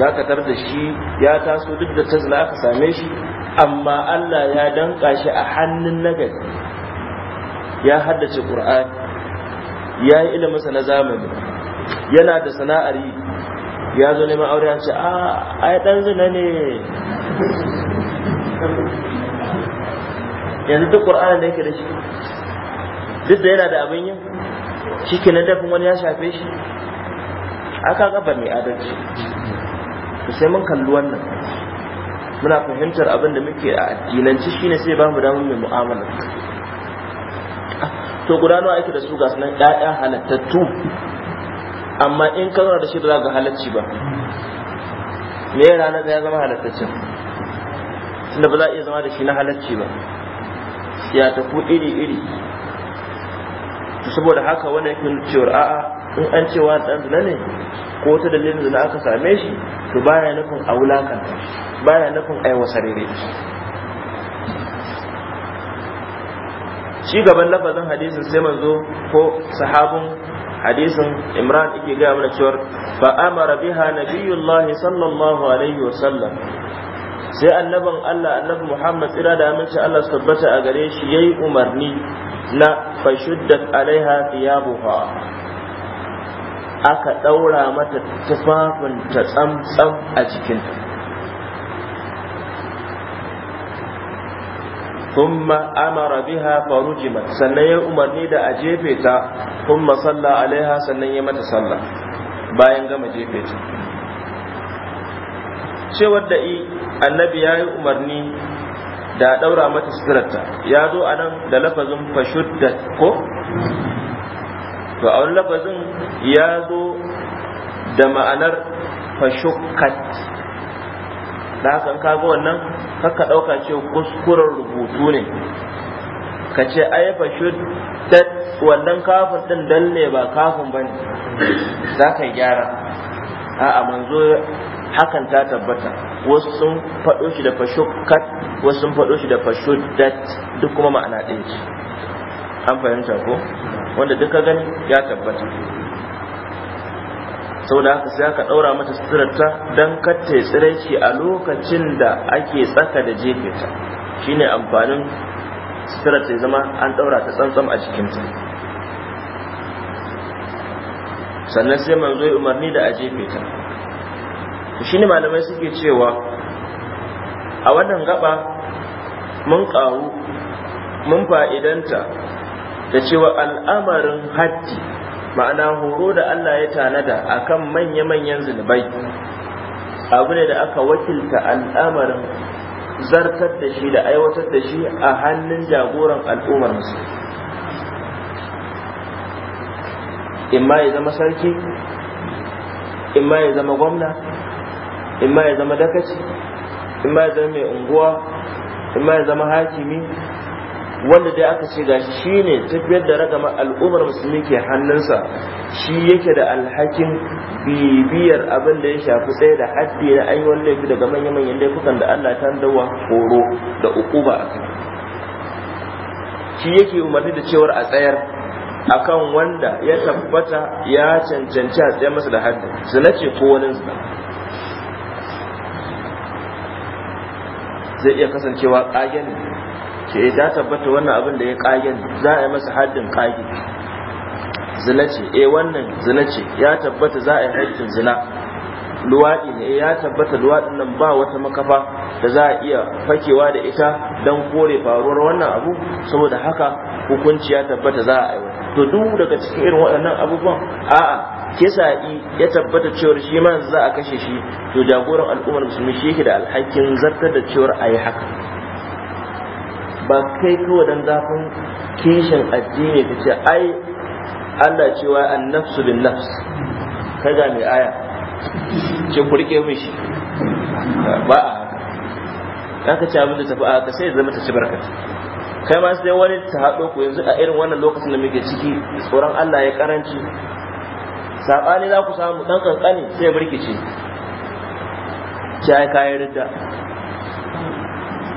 za ka tar da shi ya taso duk da tazla aka same shi amma Allah ya danka shi a hannun nagari ya haddace Qur'an ya yi sa na zamani yana da sana'ar yi ya zo neman aure ya ce a ai dan zina ne yanzu duk qur'anin da yake da shi duk da yana da abin yin shi ke na dafin wani ya shafe shi aka gaba mai adalci sai mun kalli wannan muna fahimtar abin da muke a addinanci shine sai ba mu damar mai mu'amala to guda nawa ake da su ga sunan ƴaƴa halattattu amma in ka zauna da shi ba za ga halacci ba me ranar da ya zama halattacin tunda ba za a iya zama da shi na halacci ba ya tafi iri-iri saboda haka wani yakin cewar a'a in an ce cewa dan zina ne ko ta dalilin zina aka same shi to baya nufin a wulakanta baya nufin a yi da shi gaban lafazin hadisin sai manzo ko sahabin hadisin imran yake gaya mana cewar fa amara biha nabiyullahi sallallahu alaihi wasallam sai annabin Allah annabi Muhammad tsira da aminci Allah su tabbata a gare shi yayi umarni na fashuddat alaiha thiyabuha aka daura mata tufafin ta tsamtsam a jikinta thumma amara biha farujimat sannan ya umarni da a jefe ta thumma salla alaiha sannan ya mata sallah bayan gama jefe ta cewar da i annabi ya yi umarni da ɗaura mata suturarta ya zo a nan da lafazin fashuddat ko to a wani lafazin ya zo da ma'anar fashukat da hakan kaga wannan kakka ɗauka ce kuskuren rubutu ne ka ce ai fashuddat wannan kafin ɗin dalle ba kafin ba ne za ka gyara a'a manzo hakan ta tabbata wasu sun faɗo shi da kat, wasu sun faɗo shi da fashuddat duk kuma ma'ana ɗaya ce an fahimta ko wanda duka gani ya tabbata saboda haka sai aka ɗaura mata suturarta don katta ya tsiraici a lokacin da ake tsaka da jefeta shine amfanin sutura ta zama an ɗaura ta tsantsam a jikinta sannan sai manzo ya umarni da a jefeta shi ne malamai suke cewa a wannan gaba mun ƙaru mun fa'idanta da cewa al'amarin haddi ma'ana horo da Allah ya tanada kan manya-manyan zunubai abu ne da aka wakilta al'amarin zartar da shi da aiwatar da shi a hannun jagoran al'ummar musu imma ya zama sarki imma ya zama gwamna in ma ya zama dakaci in ya zama mai unguwa in ya zama hakimi wanda dai aka ce shi ne tafiyar da ragama al'ummar musulmi ke hannunsa shi yake da alhakin bibiyar abin da ya shafi tsaye da haddi na an yi wani laifi daga manya-manyan laifukan da Allah ta dawa horo da ukuba a kai shi yake umarni da cewar a tsayar akan wanda ya tabbata ya cancanci a tsaye masa da haddi su nace ko wani zai iya kasancewa kagen ke eh, ta tabbata wannan abin da ya kagen za a yi masa haddin ƙage zina ce eh wannan zina ce ya tabbata za a yi haddin zina luwaɗi ne eh, ya tabbata luwaɗin nan ba wata makafa da za a iya fakewa da ita don kore faruwar wannan abu saboda haka hukunci ya tabbata za a aiwata to duk daga cikin irin waɗannan abubuwan a'a kisa ya tabbata cewar shi ma za a kashe shi to jagoran al'ummar musulmi shi yake da alhakin zartar da cewar a yi haka ba kai kawai dan zafin kishin addini ka ce ai Allah cewa an nafsu bin nafs ka ga mai aya ce ku rike mishi ba a haka ka ce abin da tafi a haka sai zama ta ci barkata kai ma sai wani ta haɗo ku yanzu a irin wannan lokacin da muke ciki tsoron Allah ya karanci saɓani za ku samu ɗan kankani sai ya birkice sai kayan ridda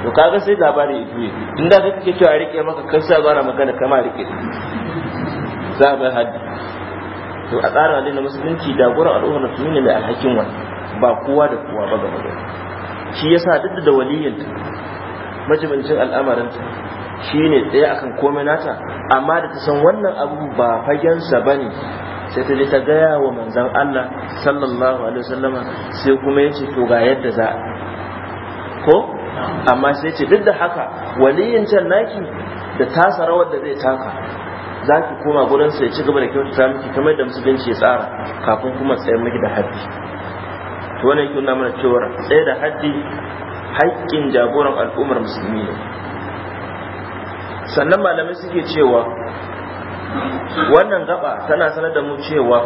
to kaga sai labari ya juye in da kake cewa a rike maka kan sa zara magana kama rike za a bai haddi to a tsarin na musulunci da gurin al'umma na ne mai alhakin wani ba kowa da kowa ba gaba da shi yasa duk da waliyinta majibincin al'amarinta shi ne tsaye akan komai nata amma da ta san wannan abu ba fagensa ba ne sai ta ji ta gaya wa manzan Allah sallallahu alaihi wasallama sai kuma ya ce to ga yadda za ko amma sai ce duk da haka waliyin can naki da tasa rawar da zai taka za ki koma gurin sai ci gaba da kyautata miki kamar da musulunci ya tsara kafin kuma tsayar miki da haddi to wannan yake nuna mana cewa tsaye da haddi haƙƙin jagoran al'ummar musulmi ne sannan malamai suke cewa wannan gaba tana sanar da mu cewa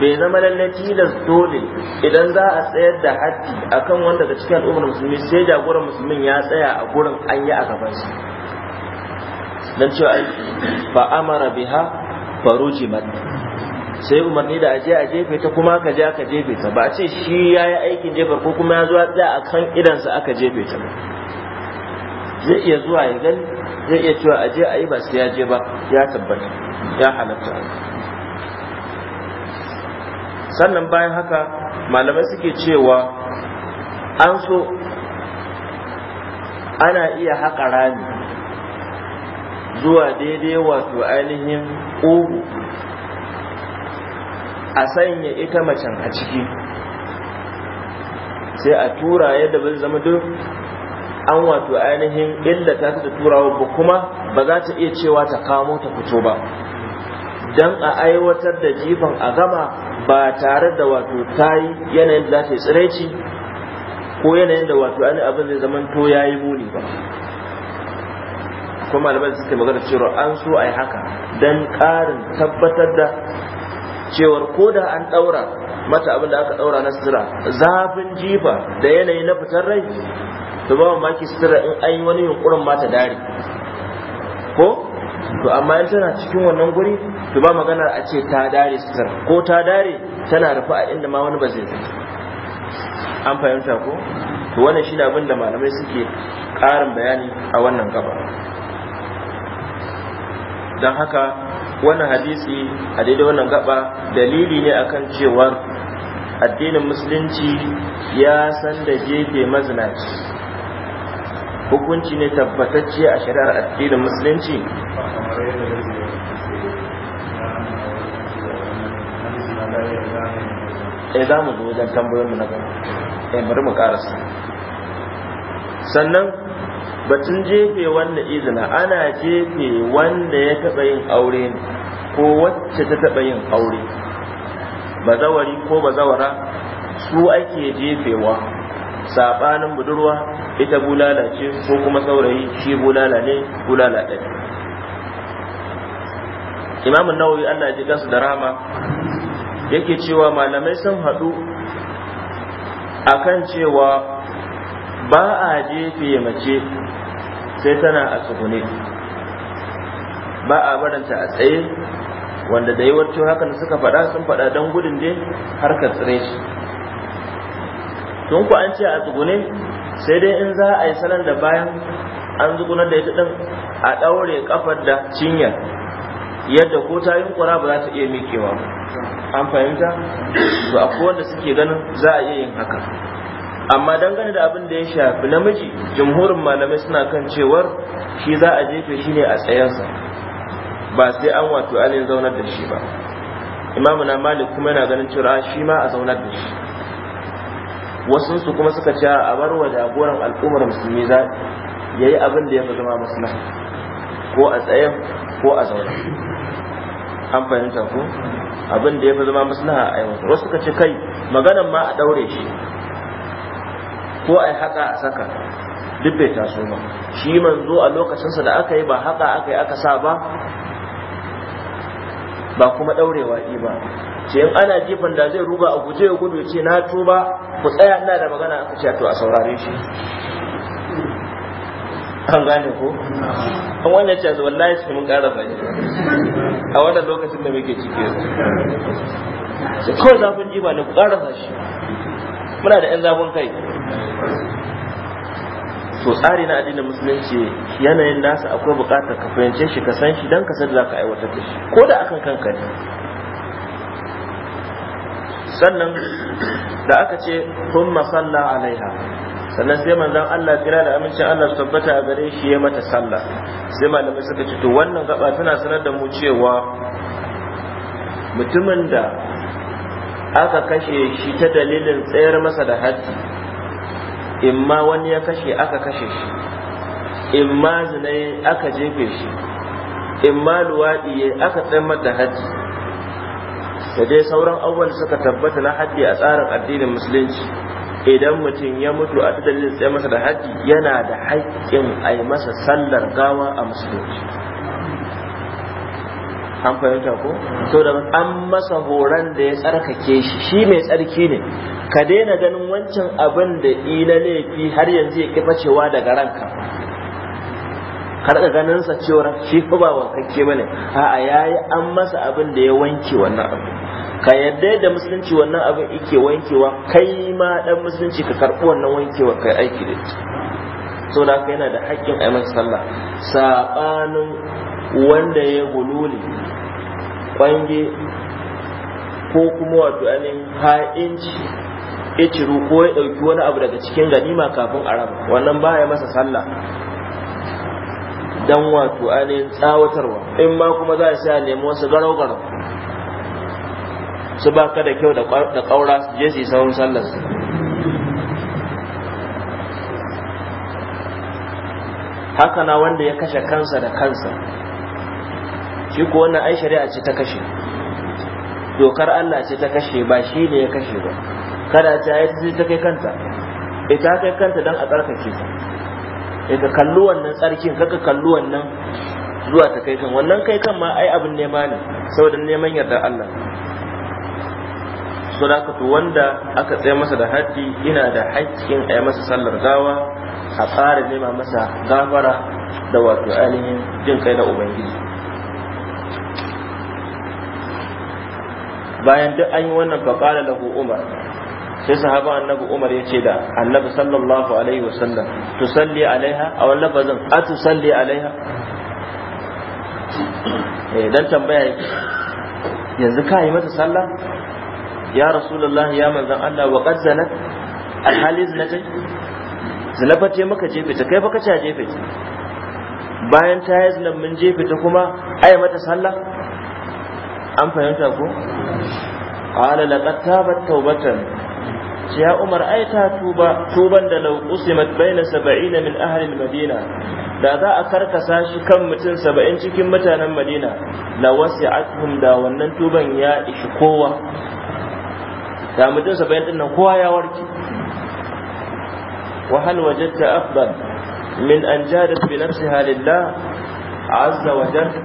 bai zama lallai tilas dole idan za a tsayar da a akan wanda daga cikin al'ummar musulmi sai jagoran musulmin ya tsaya a gurin an yi a gaban shi dan cewa fa amara biha farujimat sai umarni da aje a jefe ta kuma ka ja ka jefe ta ba a ce shi ya yi aikin jefar ko kuma ya zuwa tsaya a kan idansa aka jefe ta zai iya zuwa ya gani zai iya cewa aje a yi ba sai ya je ba ya tabbata ya halatta sannan bayan haka malamai suke cewa an so ana iya haƙa rami zuwa daidai wato ainihin ƙugu a sanya ita macen a ciki sai a tura yadda bai zama duk an wato ainihin illata ta da turawa ba kuma ba za ta iya cewa ta kamo ta fito ba dan a aiwatar da jifan a gama ba tare da wato ta yi yanayin da za ta yi tsiraici ko yanayin da wato ani abin zai zaman to yi muni ba kuma malaman suke magana cewa an so a yi haka don karin tabbatar da cewar ko da an ɗaura mata abin da aka daura na sutura zafin jifa da yanayi na fitar rai to ba maki sira in an yi wani yunkurin mata dare ko to amma in tana cikin wannan guri to ba magana a ce ta dare sitar ko ta dare tana rufe a inda ma wani ba zai an fahimta ko to wannan shi abin da malamai suke ƙarin bayani a wannan gaba don haka wannan hadisi a daidai wannan gaba dalili ne akan cewa addinin musulunci ya san da jefe mazinaci hukunci ne tabbatacce a shari'ar addinin musulunci eh za mu zo wajen mu na gaba eh bari mu karasa sannan batun jefe wanda izina ana jefe wanda ya taɓa yin aure ko wacce ta taba yin aure bazawari ko bazawara su ake jefewa saɓanin budurwa ita bulala ce ko kuma saurayi shi bulala ne bulala ɗaya imamun nawawi allah ji gasu da rama yake cewa malamai sun haɗu akan cewa ba a jefe mace sai tana a tsugune ba a baranta a tsaye wanda da yawar cewa hakan suka faɗa sun faɗa don gudun dai har ka tsire shi tun ku an ce a tsugune sai dai in za a yi salon da bayan an zugunar da ita ɗin a ɗaure ƙafar da cinyar yadda ko ta yunkura ba za ta iya miƙewa an fahimta to akwai wanda suke ganin za a iya yin haka amma dangane da abin da ya shafi namiji jumhurin malamai suna kan cewar shi za a jefe shi ne a tsayensa ba sai an wato alin zaunar da shi ba imamu na malik kuma yana ganin cewa shi ma a zaunar da shi wasu su kuma suka ce a bar wa jagoran al'ummar musulmi za ya yi abin da ya fi zama maslaha ko a tsayen ko a zaunar an fahimta ko abin da ya fi zama maslaha a aiwatar wasu suka ce kai maganan ma a daure shi ko a yi haka a saka duk bai taso ba shi manzo a lokacinsa da aka yi ba haka aka yi aka sa ba ba kuma daurewa yi ba ce in ana jifan da zai ruba a guje ya gudu ce na tuba ku tsaya ina da magana aka ce to a saurare shi an gane ko an wannan ce wallahi sai mun kara bayani a wannan lokacin da muke ciki sai kawai zafin jiba ne ku ƙarasa shi muna da 'yan zafin kai to tsari na addinin musulunci yanayin nasa akwai buƙatar ka fahimce shi ka san shi don ka san ka aiwatar da shi ko da akan kanka ne sannan da aka ce kun masalla alaiha sannan sai manzon Allah kira da amincin Allah su tabbata a gare shi ya mata sallah sai malamai suka ce to wannan gaba tana sanar da mu cewa mutumin da aka kashe shi ta dalilin tsayar masa da haddi imma wani ya kashe aka kashe shi imma zinai aka jefe shi imma luwaɗi aka tsammar da haddi da dai sauran abubuwan suka tabbata na haddi a tsarin addinin musulunci idan mutum ya mutu a ta dalilin tsaye masa da haƙƙi yana da haƙƙin a yi masa sallar gawa a musulunci an fahimta ko to da an masa horon da ya tsarkake shi shi mai tsarki ne ka daina ganin wancan abin da ina laifi har yanzu ya kifa cewa daga ranka kar ka ganin sa cewa shi fa ba wankakke bane a'a yayi an masa abin da ya wanke wannan abin ka yadda da musulunci wannan abin ike wankewa kai ma dan musulunci ka karɓi wannan wankewa kai aiki da ita da kai yana da haƙƙin a masa sallah saɓanin wanda ya gululi kwange ko kuma wato anin ha'inci ya ciro ko ya ɗauki wani abu daga cikin ganima kafin a raba wannan baya masa sallah dan wato anin tsawatarwa in ma kuma za a sa nemi wasu garau garau su ba ka da kyau da ƙaura su je su yi sauran sallar su haka na wanda ya kashe kansa da kansa shi ko wannan ai shari'a ce ta kashe dokar Allah ce ta kashe ba shi ne ya kashe ba kada ta yi ta kai kanta ita eh, kai kanta don a tsarkake ta eh, ka kallu wannan tsarkin kaka kallu wannan zuwa ta kai kan wannan kai kan ma ai abin nema ne saboda neman yardar Allah so da to wanda aka tsaye masa da haddi ina da haƙƙin a yi masa sallar gawa a ƙara nema masa gafara da wato ainihin jin kai da ubangiji bayan duk an yi wannan faƙala lahu umar sai sahaba annabi umar ya ce da annabi sallallahu alaihi wasallam salli alaiha a wannan lafazin a salli alaiha eh, dan tambaya yanzu ka yi mata sallah ya rasulullah ya manzan Allah wa qad zanat alhali zinatai zina ce maka jefe ta kai fa a jefe bayan ta yi zinan mun jefe ta kuma ai mata sallah an fahimta ko qala laqad tabat tawbatan ya umar ai ta tuba tuban da law usimat baina sab'ina min ahli al-madina da za a karkasa shi kan mutum saba'in cikin mutanen madina la wasi'atuhum da wannan tuban ya ishi kowa da mutum saba'in din nan kowa ya warke wa hal wajadta afdal min an jadat bi nafsiha lillah azza wa jalla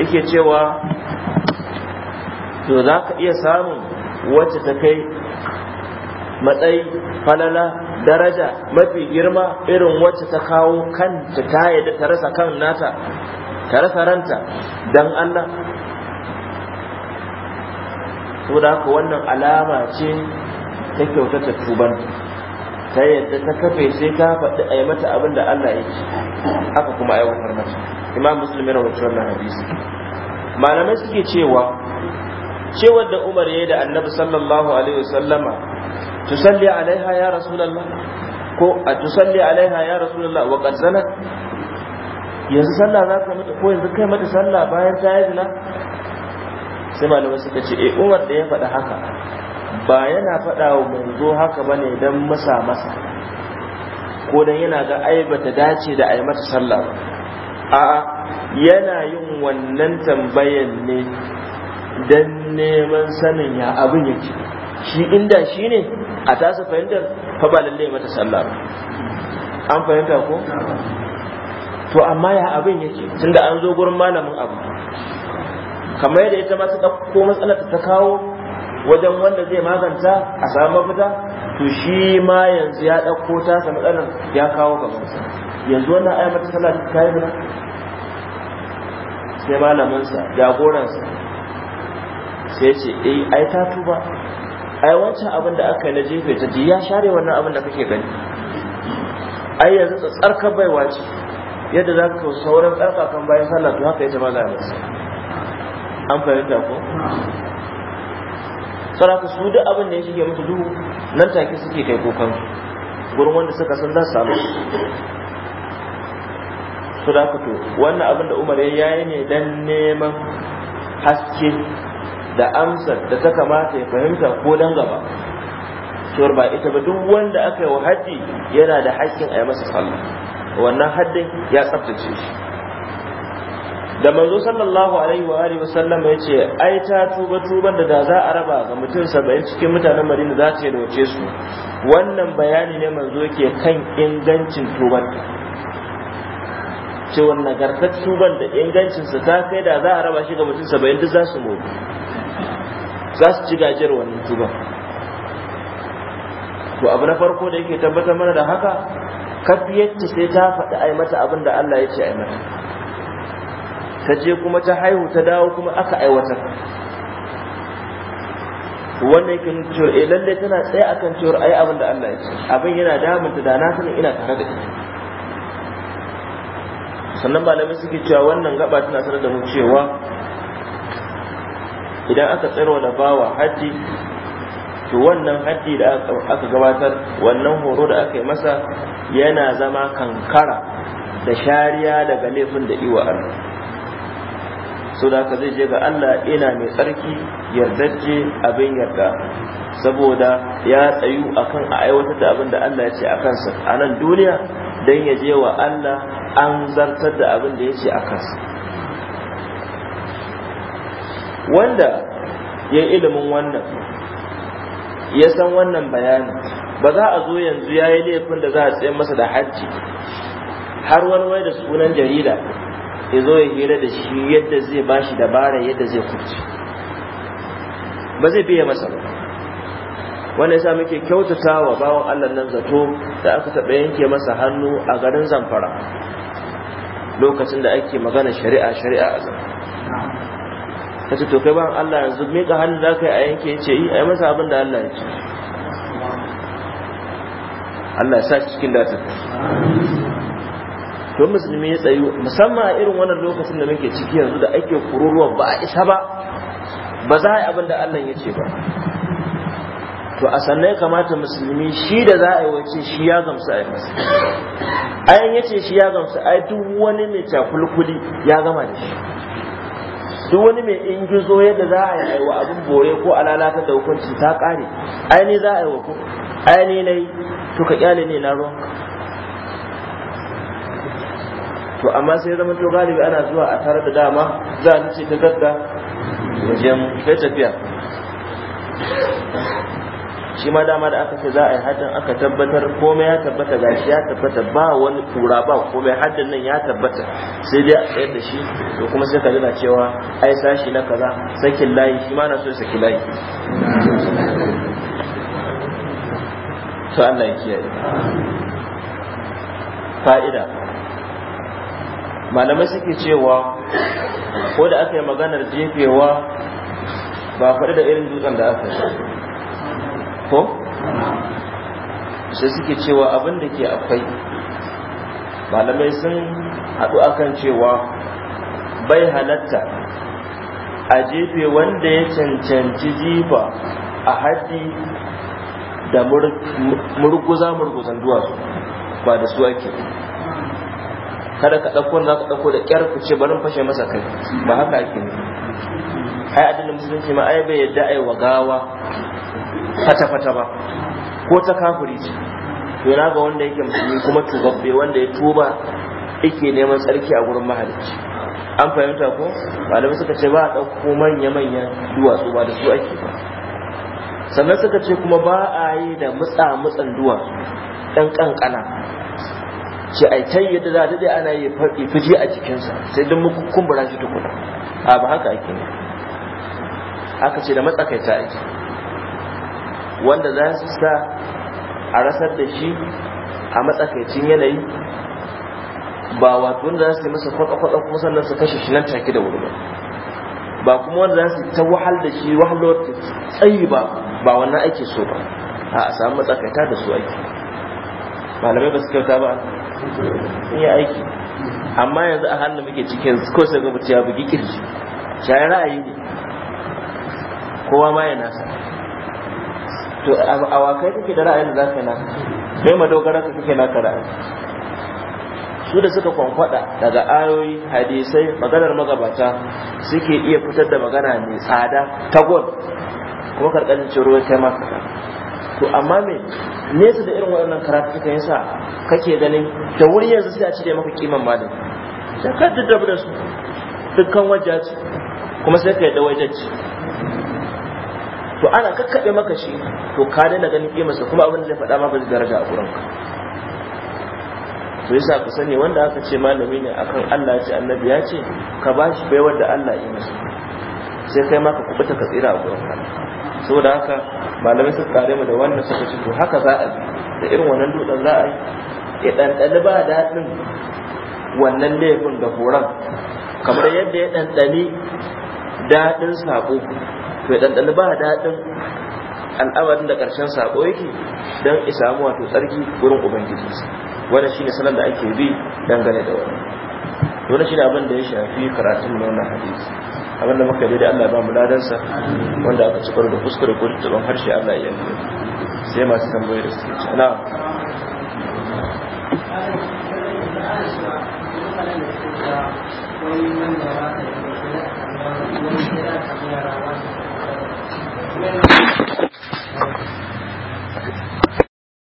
yake cewa to za ka iya samun wacce ta kai matsayi falala daraja mafi girma irin wacce ta kawo kanta ta yadda ta rasa kan nata ta rasa ranta don Allah saboda haka wannan alama ce ta kyauta ta tuban ta yadda ta kafe sai ta faɗi a yi mata abin da Allah ya ce haka kuma aiwatar mata imam muslim yana wuce na hadisi malamai suke cewa cewar da umar ya yi da annabi sallallahu alaihi wasallama tusalli alaiha ya rasulallah ko a tusalli alaiha ya rasulallah wa qad yanzu sallah za ka mata ko yanzu kai mata sallah bayan ta yi zina sai malamai suka ce eh umar da ya faɗa haka ba yana faɗa wa manzo haka ba ne don masa masa ko don yana ga ai ta dace da ai mata sallah ba a'a yana yin wannan tambayan ne don neman sanin ya abin yake shi inda shi ne a tasa fahimtar fa ba lalle mata sallah ba an fahimta ko to amma ya abin yake tunda an zo gurin malamin abu kamar yadda ita ma ta ɗauko matsalar ta kawo wajen wanda zai maganta a samu mafita to shi ma yanzu ya ɗauko ta sa matsalar ya kawo gaban yanzu wannan ayar mata sallah ta yi bula sai malaminsa jagoransa sai ce eh ai ta tuba ai wancan abin da aka yi na jefe ta ji ya share wannan abin da kake gani ai yanzu tsarkar baiwa ce yadda za ka sauran tsarkakan bayan sallah to haka ita ma za a an fahimta ko saraka su duk abin da ya shige musu duhu nan take suke kai kokan gurin wanda suka san za su samu su da fito wannan abin da umar ya yi ne dan neman haske da amsar da ta kamata ya fahimta ko dan gaba cewar ba ita ba duk wanda aka yi wa haji yana da haƙƙin a yi masa sallah wannan haddin ya tsaftace shi da manzo sallallahu alaihi wa alihi wasallam ya ce ai ta tuba tuban da da za a raba ga mutum 70 cikin mutanen Madina za ta yalwace su wannan bayani ne manzo yake kan ingancin tuban cewa nagartar tuban da ingancin sa ta kai da za a raba shi ga mutum 70 duk za su mu za su ci gajiyar wannan tuban to abu na farko da yake tabbatar mana da haka kafiyar sai ta faɗi ai mata abin da Allah ya ce ai mata ta je kuma ta haihu ta dawo kuma aka aiwatar wanda yake nuna cewa eh lalle tana tsaye akan cewa ai abin da Allah ya ce abin yana damunta da na sanin ina tare da ita sannan malami suke cewa wannan gaba tana sanar da mu cewa idan aka tsayarwa da bawa haddi to wannan haddi da aka gabatar wannan horo da aka yi masa yana zama kankara da shariya daga laifin da iwa Allah so da zai je ga Allah ina mai tsarki yardajje abin yarda saboda ya tsayu akan a aiwatar da abin da Allah ya ce a kansa a nan duniya don ya je wa Allah an zartar da abin da ya ce a kansa wanda ya yi ilimin wannan ya san wannan bayani ba za a zo yanzu ya yi laifin da za a tsaye masa da hajji har wani wai da sunan jarida ya zo ya hira da shi yadda zai ba shi dabara yadda zai kurci ba zai biya masa ba wanda yasa muke kyautata wa bawon Allah nan zato da aka taɓa yanke masa hannu a garin zamfara lokacin da ake magana shari'a shari'a a zamfara ta to kai ban Allah yanzu me ka hannu za ka yi a yanke ce yi eh, a yi masa abin da Allah ya ce Allah ya sa cikin datar to musulmi ya tsayu musamman a irin wannan lokacin da muke ciki yanzu da ake kururuwa ba a isa ba ba za a yi abin da Allah ya ce ba to a sannan kamata musulmi shi da za a yi wace shi ya gamsu a yi masa ayan ya ce shi ya gamsu a duk wani mai cakulkuli ya gama da shi duk wani mai ingizo yadda za a yi aiwa abin bore ko a lalata da hukunci ta kare ne za a yi wa ku aini na yi to ka kyale ne na ruwanka to amma sai zama to galibi ana zuwa a tare da dama za a ce ta gagga wajen kai tafiya shi ma dama da aka ce za a yi haddan aka tabbatar komai ya tabbata gashi ya tabbata ba wani kura ba komai haddan nan ya tabbata sai dai a tsayar da shi to kuma sai ka dana cewa ai sashi na kaza sakin layi shi ma na so sakin layi to Allah ya kiyaye fa'ida malamai suke cewa ko da aka yi maganar jefewa ba faɗi da irin dutsen da aka yi ko? sai suke cewa abin da ke akwai malamai sun haɗu akan cewa bai halatta a jefe wanda ya cancanci jifa a haddi da murguza murguzan duwatsu ba da su ake kada ka ɗauko za ka ɗauko da ƙyar ku ce barin fashe masa kai ba haka ake ne ai addinin musulunci ma ai bai yadda ai wagawa fata-fata ba ko ta kafiri ce to na ga wanda yake musulmi kuma tubabbe wanda ya tuba yake neman tsarki a gurin mahalicci an fahimta ko malamai suka ce ba a ɗauko manya manya duwatsu ba da su ake ba sannan suka ce kuma ba a yi da mutsa-mutsan duwatsu ɗan ƙanƙana ce a ta yadda za ta dai ana yi fiji a jikinsa sai duk muku kumbura shi tukun a ba haka ake ne haka ce da matsakaita ake wanda za su sa a rasar da shi a matsakaicin yanayi ba wato wanda za su yi masa kwatsa-kwatsa kuma sannan su kashe shi nan take da wuri ba ba kuma wanda za su ta wahal da shi wahalar tsayi ba ba wannan ake so ba a samu matsakaita da su ake malamai ba su kyauta ba sun yi aiki amma yanzu a hannun muke cikin ko sai ga mutiya ya bugi kirji shayi ra'ayi ne kowa ma ya nasa to a wakai kake da ra'ayin da za ka nasa kai madogara ka kake naka ra'ayi su da suka kwankwada daga ayoyi hadisai maganar magabata suke iya fitar da magana mai tsada ta gol kuma karkashin ciro ya kai maka to amma me nesa da irin waɗannan karatu suka yi sa kake ganin da wuri yanzu sai a cire maka kiman malam sai ka daddabu da su dukkan wajaji kuma sai ka yi wajaji to ana kakkaɓe maka shi to ka daina ganin kimarsa kuma abin da zai faɗa ma ba zai daraja a ka to yasa ku sani wanda aka ce malami ne akan Allah ya ce annabi ya ce ka ba shi baiwar da Allah ya masa sai kai ma ka kubuta ka tsira a gurin So saboda haka malamai suka tsare mu da wannan suka ce to haka za a bi da irin wannan dutsen za a yi ya ɗanɗani ba daɗin wannan laifin da horon kamar yadda ya ɗanɗani daɗin saƙo to ya ɗanɗani ba daɗin al'amarin da ƙarshen saƙo yake don samu wato tsarki wurin ubangiji wannan shine sanar da ake bi dangane da wani, dole shine abin da ya shafi karatun wannan hadisi abin da muka yi da Allah ba mu ladansa wanda aka cikar da kuskure ko tuban harshe Allah ya yi sai masu tambayar da suke da Thank you.